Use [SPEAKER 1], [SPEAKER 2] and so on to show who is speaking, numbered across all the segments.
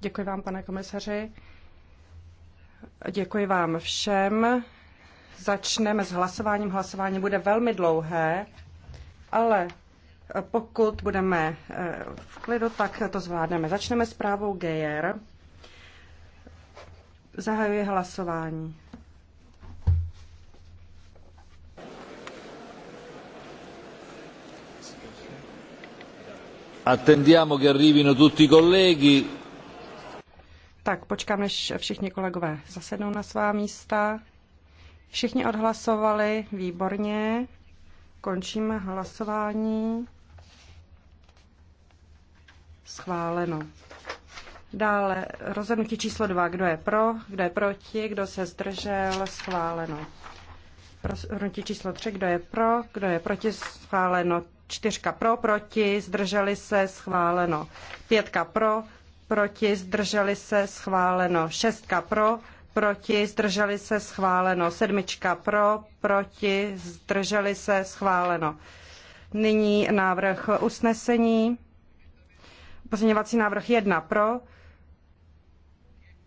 [SPEAKER 1] Děkuji vám, pane komisaři. Děkuji vám všem. Začneme s hlasováním. Hlasování bude velmi dlouhé, ale pokud budeme eh, v klidu, tak to zvládneme. Začneme s zprávou GR. Zahajuji hlasování. Attendiamo che arrivino tutti i colleghi. Tak počkám, než všichni kolegové zasednou na svá místa. Všichni odhlasovali, výborně. Končíme hlasování. Schváleno. Dále rozhodnutí číslo 2. Kdo je pro, kdo je proti, kdo se zdržel, schváleno. Rozhodnutí číslo 3. Kdo je pro, kdo je proti, schváleno. Čtyřka pro, proti, zdrželi se, schváleno. Pětka pro, proti, zdrželi se, schváleno. Šestka pro, proti, zdrželi se, schváleno. Sedmička pro, proti, zdrželi se, schváleno. Nyní návrh usnesení. Pozměňovací návrh 1 pro,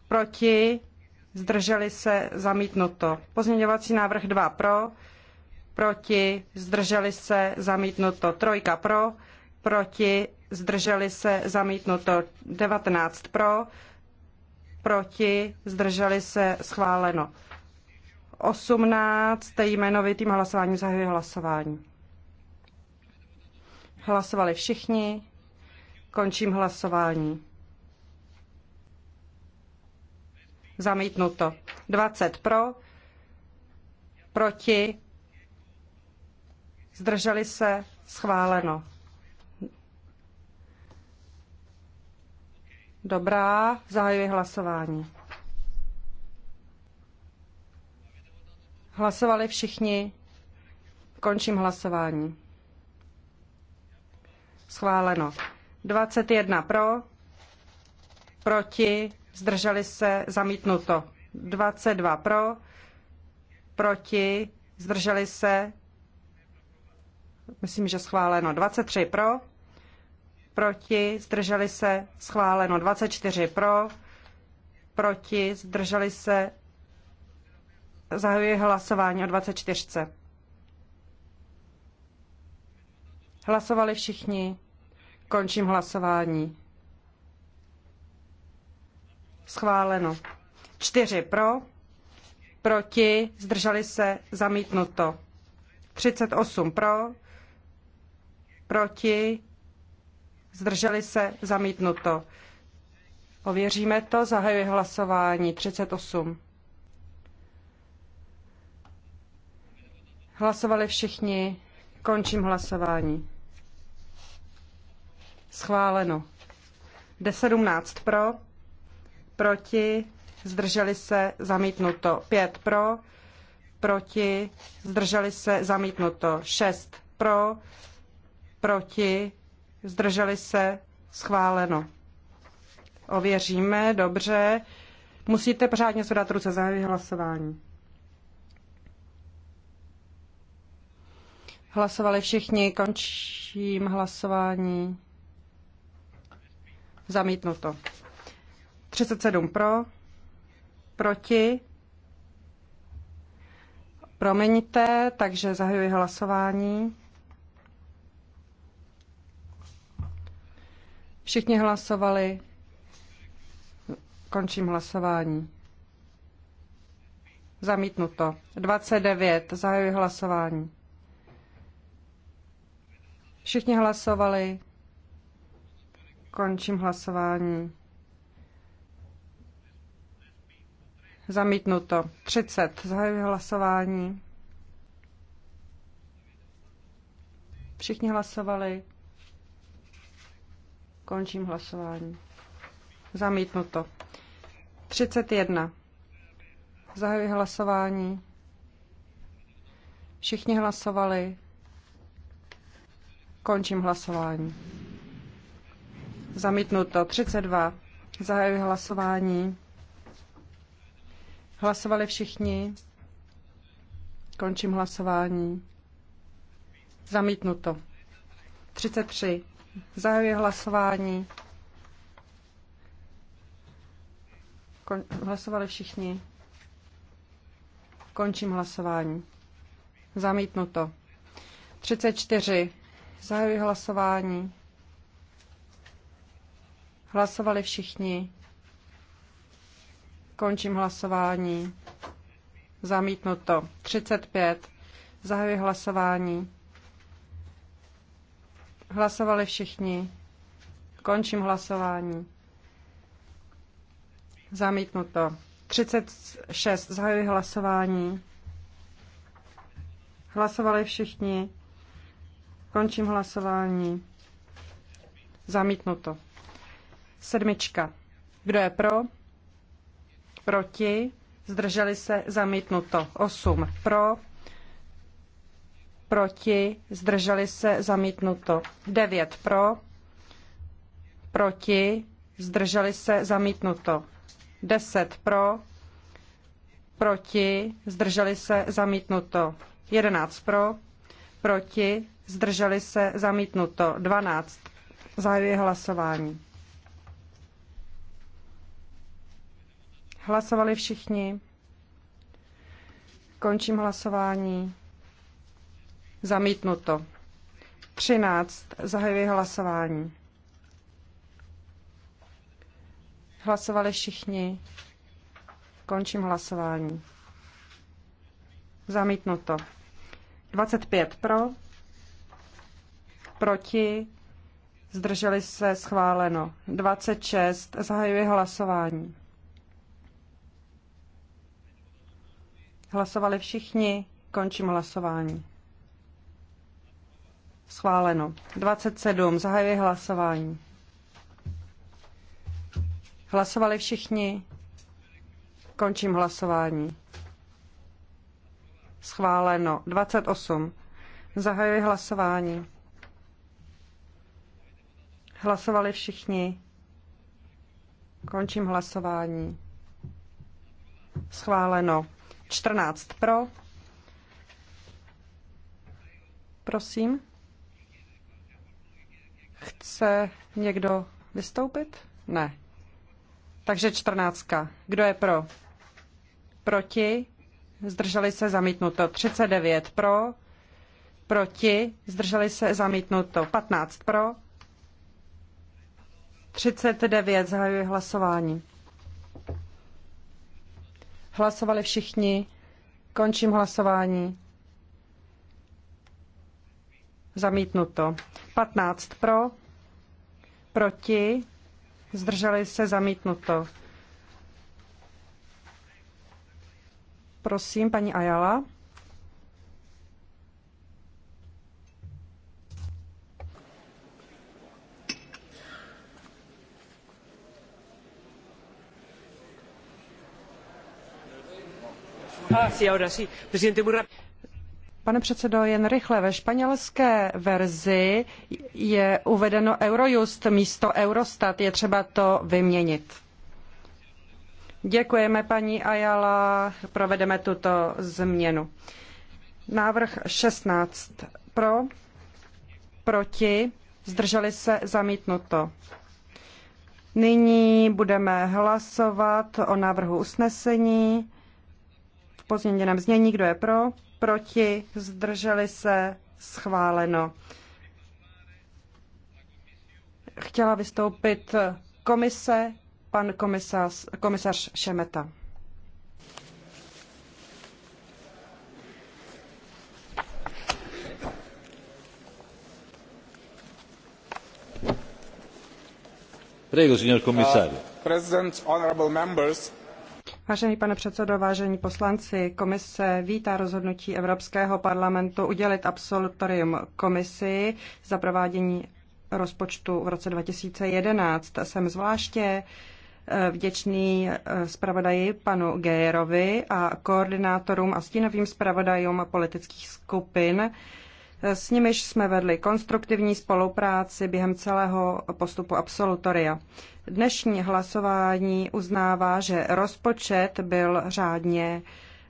[SPEAKER 1] proti, zdrželi se, zamítnuto. Pozměňovací návrh 2 pro, proti, zdrželi se, zamítnuto. Trojka pro, proti, zdrželi se, zamítnuto. 19 pro, proti, zdrželi se, schváleno. 18 jmenovitým hlasováním zahajuje hlasování. Hlasovali všichni. Končím hlasování. Zamítnuto. 20 pro, proti, zdrželi se, schváleno. Dobrá, zahajuji hlasování. Hlasovali všichni. Končím hlasování. Schváleno. 21 pro, proti, zdrželi se, zamítnuto. 22 pro, proti, zdrželi se, myslím, že schváleno 23 pro, proti, zdrželi se, schváleno 24 pro, proti, zdrželi se, zahajuji hlasování o 24. Hlasovali všichni, končím hlasování. Schváleno. 4 pro, proti, zdrželi se, zamítnuto. 38 pro, proti, zdrželi se, zamítnuto. Ověříme to, zahajuje hlasování 38. Hlasovali všichni, končím hlasování. Schváleno. D17 pro, proti, zdrželi se, zamítnuto. 5 pro, proti, zdrželi se, zamítnuto. 6 pro, proti, zdrželi se, schváleno. Ověříme, dobře. Musíte pořádně zvedat ruce za hlasování. Hlasovali všichni, končím hlasování. Zamítnuto. 37 pro, proti, promiňte, takže zahajuji hlasování. Všichni hlasovali. Končím hlasování. Zamítnuto. 29. Zahajuji hlasování. Všichni hlasovali. Končím hlasování. Zamítnuto. 30. Zahajuji hlasování. Všichni hlasovali. Končím hlasování. Zamítnuto. 31. Zahajuji hlasování. Všichni hlasovali. Končím hlasování. Zamítnuto. 32. Zahajuji hlasování. Hlasovali všichni. Končím hlasování. Zamítnuto. 33. Zahajuji hlasování. Kon- hlasovali všichni. Končím hlasování. Zamítnuto. 34. Zahajuji hlasování. Hlasovali všichni. Končím hlasování. Zamítnuto. 35. Zahajuji hlasování. Hlasovali všichni. Končím hlasování. Zamítnuto. 36. Zahajuji hlasování. Hlasovali všichni. Končím hlasování. Zamítnuto. Sedmička. Kdo je pro? Proti? Zdrželi se? Zamítnuto. Osm. Pro? proti, zdrželi se, zamítnuto. 9 pro, proti, zdrželi se, zamítnuto. 10 pro, proti, zdrželi se, zamítnuto. 11 pro, proti, zdrželi se, zamítnuto. 12. Zahajuji hlasování. Hlasovali všichni. Končím hlasování. Zamítnuto. 13. Zahajuji hlasování. Hlasovali všichni. Končím hlasování. Zamítnuto. 25 pro, proti, zdrželi se, schváleno. 26, zahajuji hlasování. Hlasovali všichni, končím hlasování. Schváleno. 27. Zahajuji hlasování. Hlasovali všichni? Končím hlasování. Schváleno. 28. Zahajuji hlasování. Hlasovali všichni? Končím hlasování. Schváleno. 14 pro. Prosím. Chce někdo vystoupit? Ne. Takže čtrnáctka. Kdo je pro? Proti? Zdrželi se zamítnuto. 39 pro. Proti? Zdrželi se zamítnuto. 15 pro. 39. zahajuje hlasování. Hlasovali všichni. Končím hlasování. Zamítnuto. 15 pro proti, zdrželi se zamítnuto. Prosím, paní Ayala. Ah, sí, ahora sí. Presidente, muy rápido. Pane předsedo, jen rychle. Ve španělské verzi je uvedeno Eurojust místo Eurostat. Je třeba to vyměnit. Děkujeme, paní Ayala. Provedeme tuto změnu. Návrh 16. Pro, proti, zdrželi se, zamítnuto. Nyní budeme hlasovat o návrhu usnesení v pozměněném znění. Kdo je pro? proti, zdrželi se, schváleno. Chtěla vystoupit komise, pan komisař, komisař Šemeta. Prego, signor commissario. Uh, Vážený pane předsedo, vážení poslanci, komise vítá rozhodnutí Evropského parlamentu udělit absolutorium komisi za provádění rozpočtu v roce 2011. Jsem zvláště eh, vděčný eh, zpravodaji panu Gejerovi a koordinátorům a stínovým zpravodajům politických skupin, s nimiž jsme vedli konstruktivní spolupráci během celého postupu absolutoria. Dnešní hlasování uznává, že rozpočet byl řádně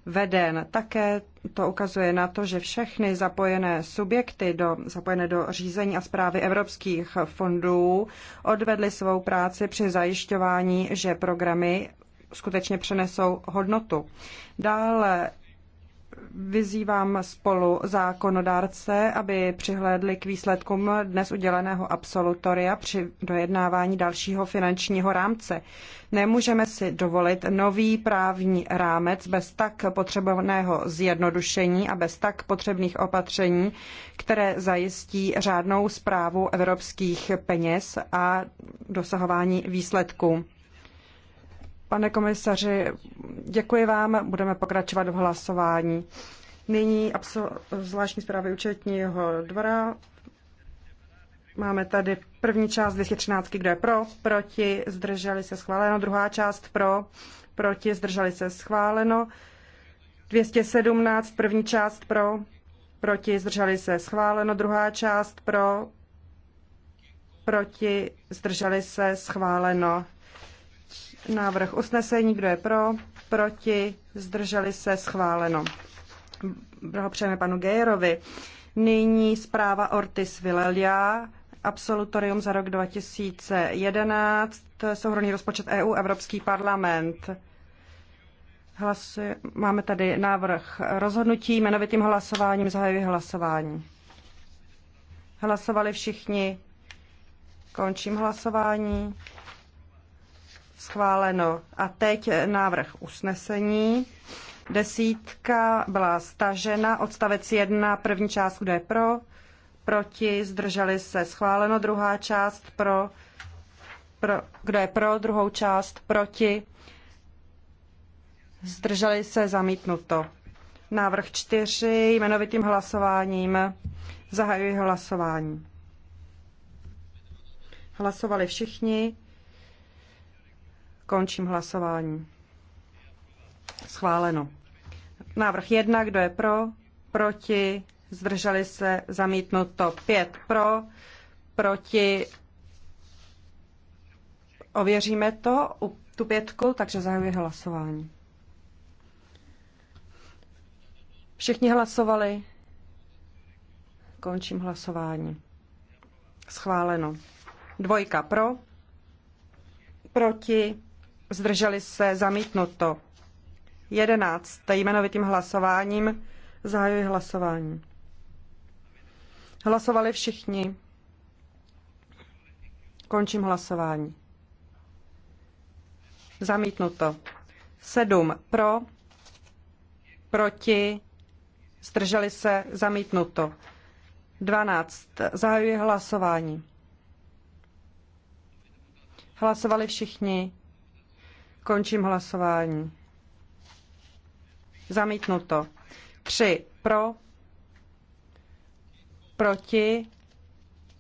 [SPEAKER 1] veden. Také to ukazuje na to, že všechny zapojené subjekty do, zapojené do řízení a zprávy evropských fondů odvedly svou práci při zajišťování, že programy skutečně přenesou hodnotu. Dále vyzývám spolu zákonodárce, aby přihlédli k výsledkům dnes uděleného absolutoria při dojednávání dalšího finančního rámce. Nemůžeme si dovolit nový právní rámec bez tak potřebného zjednodušení a bez tak potřebných opatření, které zajistí řádnou správu evropských peněz a dosahování výsledků. Pane komisaři, děkuji vám, budeme pokračovat v hlasování. Nyní absol- zvláštní zprávy účetního dvora. Máme tady první část 213, kdo je pro, proti, zdrželi se schváleno. Druhá část pro, proti, zdrželi se schváleno. 217, první část pro, proti, zdrželi se schváleno. Druhá část pro, proti, zdrželi se schváleno. Návrh usnesení, kdo je pro, proti, zdrželi se, schváleno. Blahopřejeme panu Gejerovi. Nyní zpráva Ortis Vilelia, absolutorium za rok 2011, souhrný rozpočet EU, Evropský parlament. Hlasuje, máme tady návrh rozhodnutí, jmenovitým hlasováním zahajuji hlasování. Hlasovali všichni. Končím hlasování schváleno. A teď návrh usnesení. Desítka byla stažena, odstavec 1, první část, kdo je pro, proti, zdrželi se, schváleno, druhá část pro, pro kdo je pro, druhou část proti, zdrželi se, zamítnuto. Návrh 4, jmenovitým hlasováním, zahajuji hlasování. Hlasovali všichni. Končím hlasování. Schváleno. Návrh 1, kdo je pro, proti, zdrželi se, zamítnuto 5 pro, proti, ověříme to, tu pětku, takže zahajuji hlasování. Všichni hlasovali. Končím hlasování. Schváleno. Dvojka pro, proti, zdrželi se, zamítnuto. 11. Jmenovitým hlasováním zahajuji hlasování. Hlasovali všichni. Končím hlasování. Zamítnuto. 7 pro, proti, zdrželi se, zamítnuto. 12. Zahajuji hlasování. Hlasovali všichni. Končím hlasování. Zamítnuto. Tři pro, proti,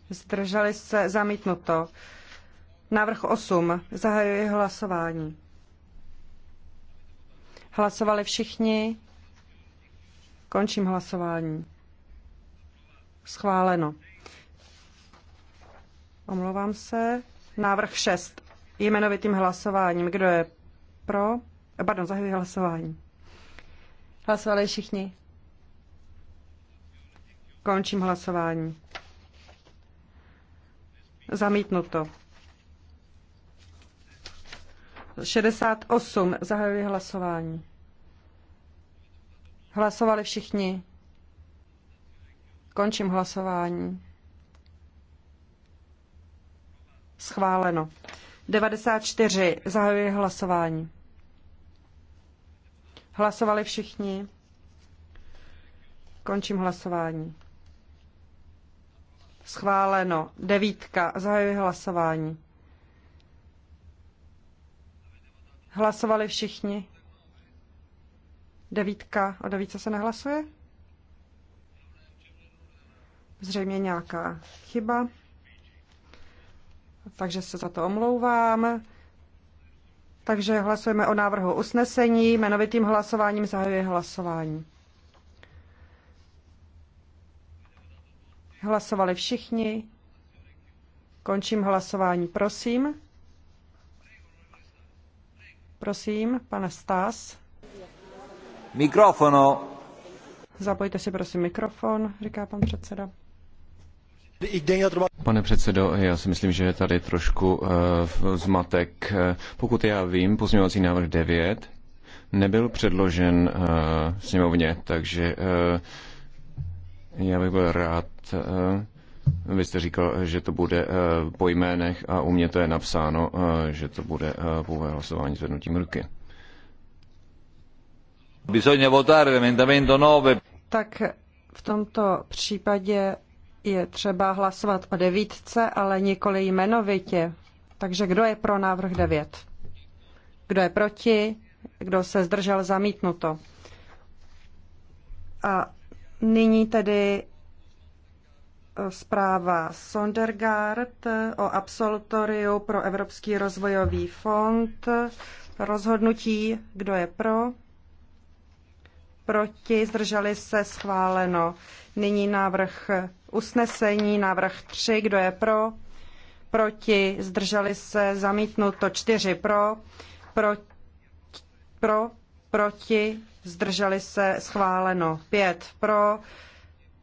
[SPEAKER 1] zdrželi se, zamítnuto. Návrh 8. Zahajuji hlasování. Hlasovali všichni. Končím hlasování. Schváleno. Omlouvám se. Návrh 6 jmenovitým hlasováním. Kdo je pro? Pardon, zahajuji hlasování. Hlasovali všichni. Končím hlasování. Zamítnuto. 68. Zahajuji hlasování. Hlasovali všichni. Končím hlasování. Schváleno. 94. Zahajuji hlasování. Hlasovali všichni. Končím hlasování. Schváleno. Devítka. Zahajuji hlasování. Hlasovali všichni. Devítka. O devítce se nehlasuje? Zřejmě nějaká chyba takže se za to omlouvám. Takže hlasujeme o návrhu usnesení. Jmenovitým hlasováním zahajuje hlasování. Hlasovali všichni. Končím hlasování. Prosím. Prosím, pane Stas. Mikrofono. Zapojte si prosím mikrofon, říká pan předseda. Pane předsedo, já si myslím, že je tady trošku uh, zmatek. Eh, pokud já vím, pozměňovací návrh 9 nebyl předložen uh, sněmovně, takže uh, já bych byl rád. Uh, vy jste říkal, že to bude uh, po jménech a u mě to je napsáno, uh, že to bude uh, pouhé hlasování zvednutím ruky. Bisogna votare l'emendamento 9. Tak v tomto případě je třeba hlasovat o devítce, ale nikoli jmenovitě. Takže kdo je pro návrh 9? Kdo je proti? Kdo se zdržel zamítnuto? A nyní tedy eh, zpráva Sondergaard eh, o absolutoriu pro Evropský rozvojový fond. Rozhodnutí, kdo je pro, proti, zdrželi se schváleno. Nyní návrh usnesení, návrh 3, kdo je pro, proti, zdrželi se, zamítnuto 4 pro, pro, pro proti, zdrželi se, schváleno 5 pro,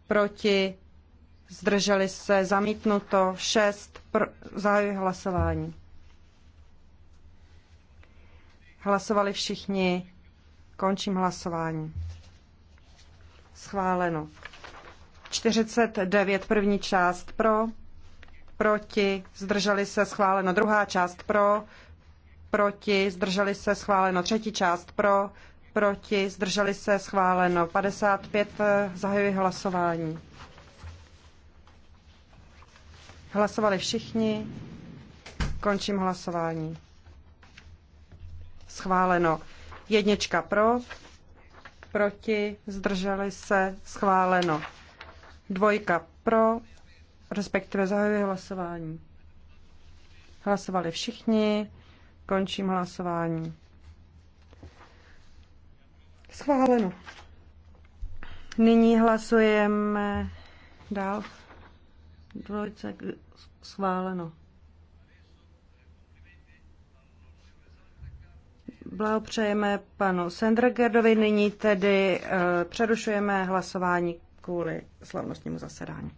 [SPEAKER 1] proti, zdrželi se, zamítnuto 6, pro, zahajuji hlasování. Hlasovali všichni, končím hlasování. Schváleno. 49 první část pro, proti, zdrželi se schváleno druhá část pro, proti, zdrželi se schváleno třetí část pro, proti, zdrželi se schváleno 55, eh, zahajuji hlasování. Hlasovali všichni, končím hlasování. Schváleno. Jednička pro, proti, zdrželi se, schváleno. Dvojka pro, respektive zahajuje hlasování. Hlasovali všichni, končím hlasování. Schváleno. Nyní hlasujeme dál. Dvojce schváleno. Blahopřejeme panu Sendergerdovi. Nyní tedy eh, přerušujeme hlasování kvůli slavnostnímu zasedání.